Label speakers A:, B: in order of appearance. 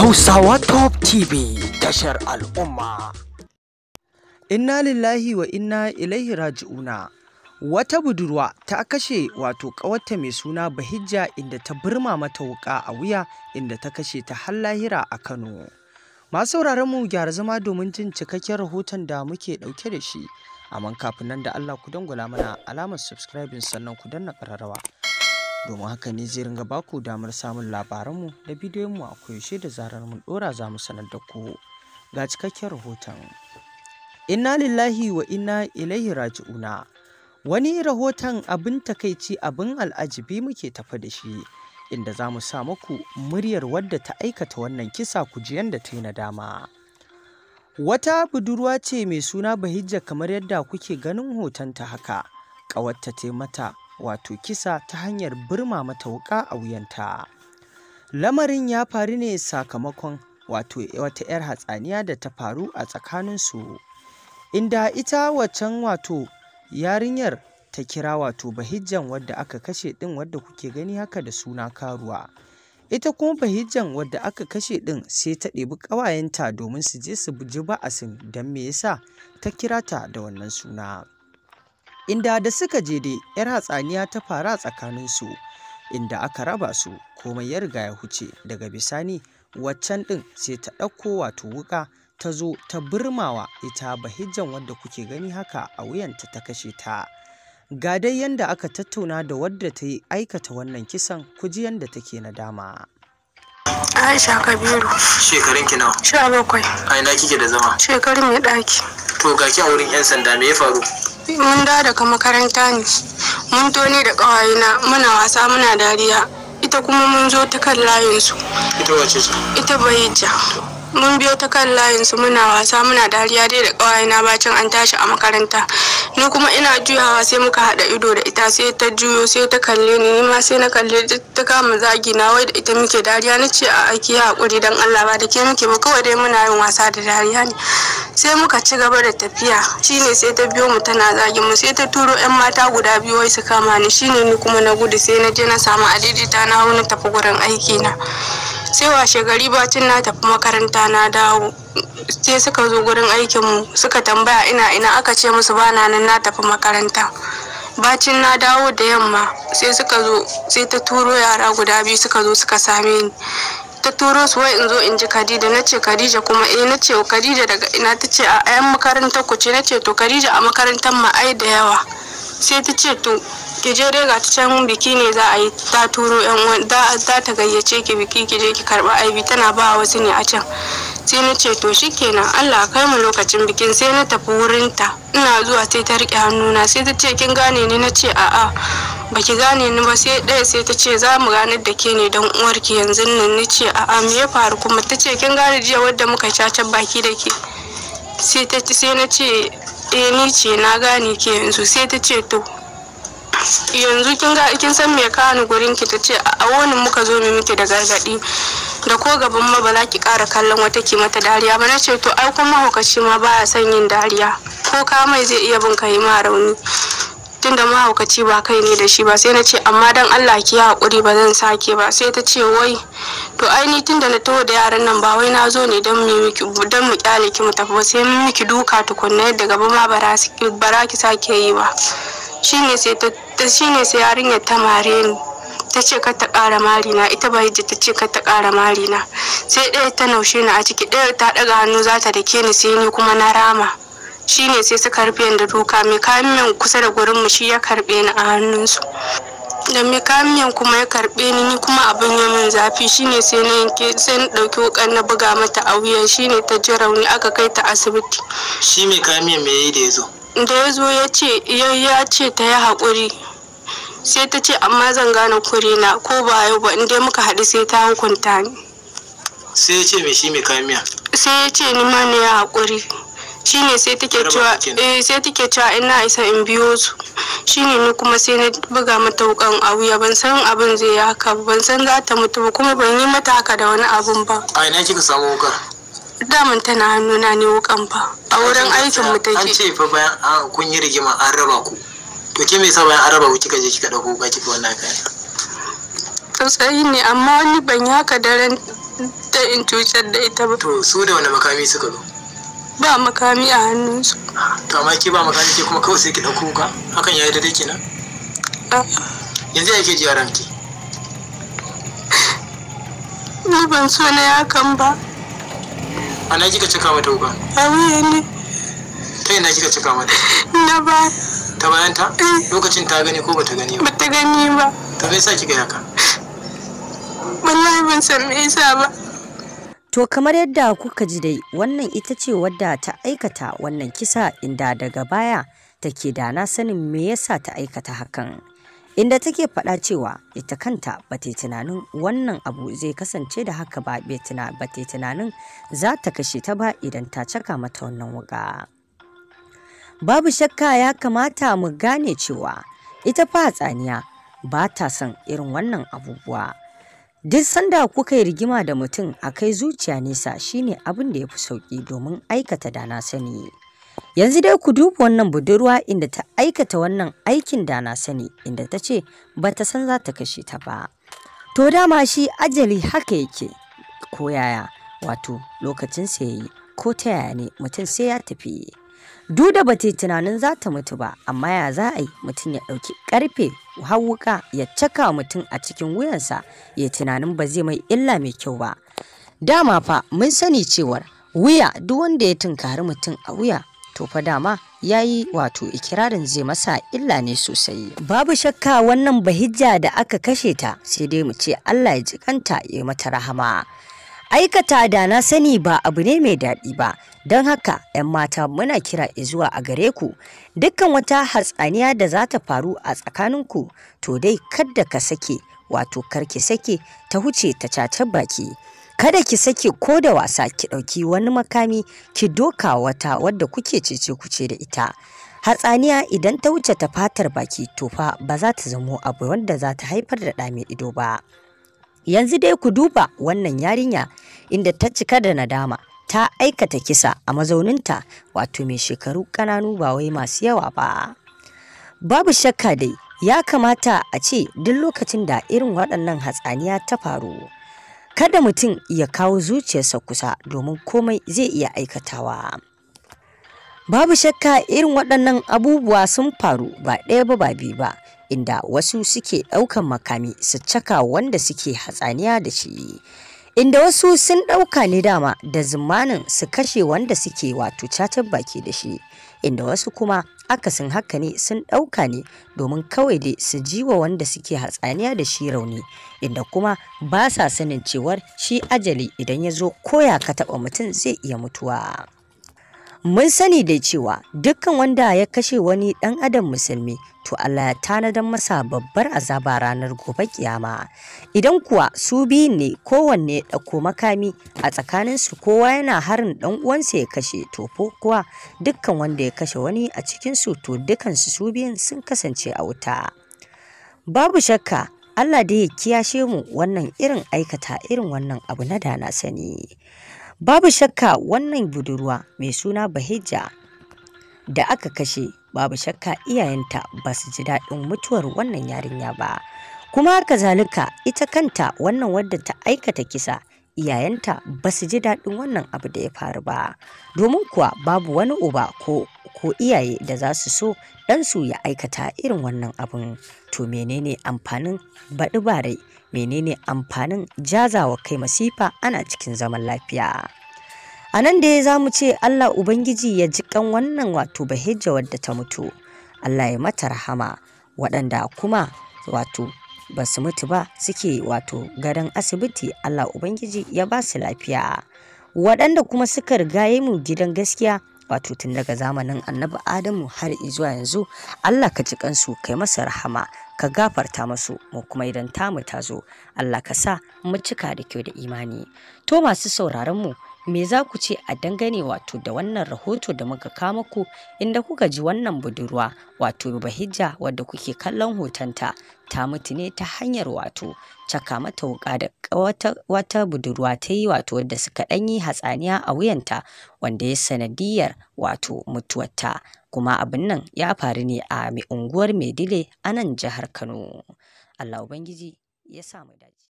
A: Hausawa Top TV tashar al'umma. Inna lillahi wa inna ilaihi raji'una. Wata budurwa ta kashe wato ƙawarta mai suna Bahijja inda ta birma mata wuƙa a wuya inda ta kashe ta har lahira a Kano. Masu mu gyara zama domin jin cikakken rahoton da muke ɗauke da shi. Amma kafin nan da Allah ku dangula mana alamar subscribing sannan ku danna ƙararrawa. domin haka ne zai ringa baku damar samun labaranmu da bidiyonmu a koyaushe da zarar mun ɗora za mu sanar da ku ga cikakken rahoton inna lillahi wa inna ilaihi raji'una wani rahoton abin takaici abin al'ajibi muke tafa da shi inda za mu sa muku muryar wadda ta aikata wannan kisa ku kujiyan da ta yi dama wata budurwa ce mai suna bahijja kamar yadda kuke ganin hoton ta haka ƙawarta ta mata wato kisa ta hanyar birma mata wuƙa a wuyanta lamarin ya faru ne sakamakon wato wata 'yar hatsaniya da ta faru a tsakaninsu inda ita waccan wato yarinyar ta kira wato bahijjan wadda aka kashe ɗin wadda kuke gani haka da suna karuwa ita kuma bahijjan wadda aka kashe ɗin sai ta ɗebi ƙawayenta domin su je su buji ba'asin don me yasa ta kira ta da wannan suna inda da suka je dai yar hatsaniya ta fara su inda aka raba su komai ya riga ya huce daga bisani waccan ɗin sai ta ɗauko wato wuƙa ta zo ta birmawa ita bahijjan wadda kuke gani haka a wuyanta ta kashe ta ga dai yadda aka tattauna da wadda ta yi aikata wannan kisan ji yadda take na dama Aisha Kabiru. Shekarun ki nawa? Sha bakwai. A kike da zama? Shekarun ya daki. to ga ke a wurin yan sanda me ya faru
B: mun da daga makaranta ne mun to ne da ƙawayena muna wasa muna dariya ita kuma mun zo ta kan layinsu ita wace ce ita bayija mun biyo ta kan layin su muna wasa muna dariya dai da kawai na bacin an tashi a makaranta ni kuma ina juyawa sai muka hada ido da ita sai ta juyo sai ta kalle ni ni ma sai na kalle ta kama zagi na wai da ita muke dariya na ce a aiki ya hakuri dan Allah ba da ke muke ba kawai dai muna yin wasa da dariya ne sai muka ci gaba da tafiya shine sai ta biyo mu tana zagin mu sai ta turo yan mata guda biyu wai su kama ni shine ni kuma na gudu sai na je na samu adidita na hau na tafi gurin aiki na sai washe gari bacin na tafi makaranta na dawo sai suka zo gurin aikinmu suka tambaya ina ina aka ce musu bana nan na tafi makaranta bacin na dawo da yamma sai suka zo sai ta turo yara guda biyu suka zo suka same ni ta turo su wai in zo in ji Khadija na ce Khadija kuma eh na ce Khadija daga ina ta ce a 'yan makarantar ku ce na ce to Khadija a makarantar ma ai da yawa sai ta ce to ki je dai ga can biki ne za a yi ta turo yan za ta gayyace ki biki ki je ki karba aibi tana ba wasu ne a can sai na ce to shikenan Allah kai mu lokacin bikin sai na tafi ta ina zuwa sai ta rike hannuna sai ta ce kin gane ni na ce a'a baki gane ni ba sai ɗaya sai ta ce za mu gane da ke ne don uwarki yanzu nan ni ce a'a me ya faru kuma ta ce kin gane jiya wadda muka caca baki da ke sai ta sai na ce eh ni ce na gane ke yanzu sai ta ce to yanzu kin ga kin san me ka ni gurin ki tace a wani muka zo mu miki da gargadi da ko gaban ma ba za ki kara kallon wata ki mata dariya ba nace to ai kuma mahaukaci ma ba ya san yin dariya ko ka mai zai iya bin kai ma rauni tunda mahaukaci ba kai ne da shi ba sai na ce amma dan Allah ki ya hakuri ba zan sake ba sai ta ce wai to ai ni tunda na taho da yaran nan ba wai na zo ne dan mu miki dan mu kyale ki mu tafi ba sai mu miki duka tukunna yadda gaba ma bara ki sake yi ba shine sai ta shine sai yarinyar ta mare ni ta ce ka ta ƙara marina ita bahijja ta ce ka ta ƙara marina sai ɗaya ta naushe ni a ciki ɗaya ta ɗaga hannu za ta dake ni sai ni kuma na rama shine sai suka rufe da duka mai kayan kusa da gurin mu shi ya karɓe ni a hannunsu da mai kayan kuma ya karɓe ni ni kuma abin ya min zafi shine sai na yanke sai na ɗauki wukan na buga mata a wuyan shine ta ji rauni aka kai ta asibiti shi mai kayan me yayi da ya zo da ya zo ya ce ta yi haƙuri sai ta ce amma zan gane kurina ko ba yau ba inda muka haɗu sai ta hankunta ni
A: sai ya ce me shi mai kamiya
B: sai ya ce ni ma ne ya haƙuri shine sai ta ke eh, cewa ina isa in biyo su shine ni kuma sai na buga mata wukan a wuya ban san abin zai yi haka ban san za ta mutu ba kuma ban yi mata haka da wani abin ba
A: a ina kika samu wukar
B: daman tana hannuna ne wukan fa a wurin aikin mu take an
A: ce fa bayan kun yi rigima an raba ku to ke me yasa bayan an raba ku kika je kika dauko ba kika wannan kaya
B: sai ne amma wani ban yi haka daren
A: ta in cutar da ita ba to su da wani makami suka zo
B: ba makami a hannunsu
A: to amma ke ba makami ke kuma kawai sai ki dauko ka hakan yayi da dake nan yanzu yake ji yaran ki
B: ni ban so na yakan ba
A: a na kika cika mata wuka
B: a wuya ne
A: ta ina kika cika mata na ba ta bayan ta eh. lokacin ta gani ko bata gani ba bata gani ba ta bai sa kika yaka
B: wallahi ban san me yasa ba
C: To kamar yadda kuka ji dai wannan ita ce wadda ta aikata wannan kisa inda daga baya take da na sanin me yasa ta aikata hakan. inda take faɗa cewa ita kanta ba ta tunanin wannan abu zai kasance da haka ba ba ta tunanin za ta kashe ta ba idan ta caka mata wannan wuka. Babu shakka ya kamata mu gane cewa ita fa tsaniya ba ta son irin wannan abubuwa. Duk sanda kuka yi rigima da mutum a kai zuciya nesa shine abin da ya fi sauƙi domin aikata dana sani. Yanzu dai ku duba wannan budurwa inda ta aikata wannan aikin da na sani inda ta ce ba ta san za ta kashe ta ba. To dama shi ajali haka yake ko yaya wato lokacin ya yayi ko ta yaya ne mutum sai ya tafi. Duda ba ta yi tunanin za ta mutu ba amma ya za a yi mutum ya ɗauki ƙarfe hawuka ya caka mutum a cikin wuyansa ya tunanin ba zai mai illa mai kyau ba. Dama fa mun sani cewar wuya duk wanda ya tunkari mutum a wuya to fa dama ya yi wato ikirarin zai masa illa ne sosai. Babu shakka wannan bahijja da aka kashe ta sai dai mu ce Allah ya ji kanta ya mata rahama. Aikata da na sani ba abu ne mai daɗi ba, don haka 'yan mata muna kira zuwa a gare ku, dukkan wata hatsaniya da za ta faru a tsakaninku, to dai kadda ka sake, wato karki sake ta huce ta cacar baki. kada ki sake ko da wasa ki ɗauki wani makami ki doka wata wadda kuke cece kuce da ita hatsaniya idan ta wuce ta fatar baki to fa ba za ta zamo abu wanda za ta haifar da ɗa mai ido ba yanzu dai ku duba wannan yarinya inda ta cika da nadama ta aikata kisa a mazauninta wato mai shekaru ƙananu ba wai masu yawa ba babu shakka dai ya kamata a ce duk lokacin da irin waɗannan hatsaniya ta faru kada mutum ya kawo zuciyarsa kusa domin komai zai iya aikatawa. Babu shakka irin waɗannan abubuwa sun faru ba ɗaya ba ba biyu ba, inda wasu suke ɗaukan makami su caka wanda suke hatsaniya da shi. inda wasu sun ɗauka ni dama da zumanin su kashe wanda suke wato cacar baki da shi inda wasu kuma akasin haka ne sun ɗauka ne domin kawai dai su ji wa wanda suke hatsaniya da shi rauni inda kuma ba sa sanin cewar shi ajali idan ya zo koya ka taɓa mutum zai iya mutuwa. Mun sani da cewa dukkan wanda ya kashe wani dan adam musulmi to Allah ya tanadar masa babbar azaba ranar gobe kiyama. Idan kuwa su biyu ne kowanne ko makami a tsakanin su kowa yana harin dan uwansa ya kashe to kuwa dukkan wanda ya kashe wani a cikin su to dukansu su biyun sun kasance a wuta. Babu shakka Allah da ya kiyashe mu wannan irin aikata irin wannan abu na dana na sani. Babu shakka wannan budurwa mai suna bahija da aka kashe babu shakka iyayenta ba su ji daɗin mutuwar wannan yarinya ba. Kuma haka zalika ita kanta wannan wadda ta aikata kisa iyayenta ba su ji daɗin wannan abu da ya faru ba domin kuwa babu wani uba ko ko iyaye da za su so ɗansu ya aikata irin wannan abun to menene amfanin baɗi barai menene amfanin jazawa kai masifa ana cikin zaman lafiya a nan da za mu ce allah ubangiji ya ji kan wannan wato bahijja wadda ta mutu allah ya mata rahama waɗanda kuma wato ba su mutu ba suke wato gadon asibiti Allah Ubangiji ya ba su lafiya. Waɗanda kuma suka rigaye mu gidan gaskiya wato tun daga zamanin annabi Adamu har izuwa yanzu Allah ka ci kansu kai masa rahama ka gafarta masu mu kuma idan tamu ta zo Allah ka sa mu cika da kyau da imani. To masu sauraron mu me za ku ce a dangane wato da wannan rahoto da muka kama ku inda kuka ji wannan budurwa wato bahijja wadda kuke kallon hotonta ta mutu ne ta hanyar wato caka mata wuka da wata, budurwa ta yi wato wadda suka ɗan yi hatsaniya a wuyanta wanda ya sanadiyar wato mutuwarta kuma abin nan ya faru ne a unguwar maidile a nan jihar kano allah ubangiji ya samu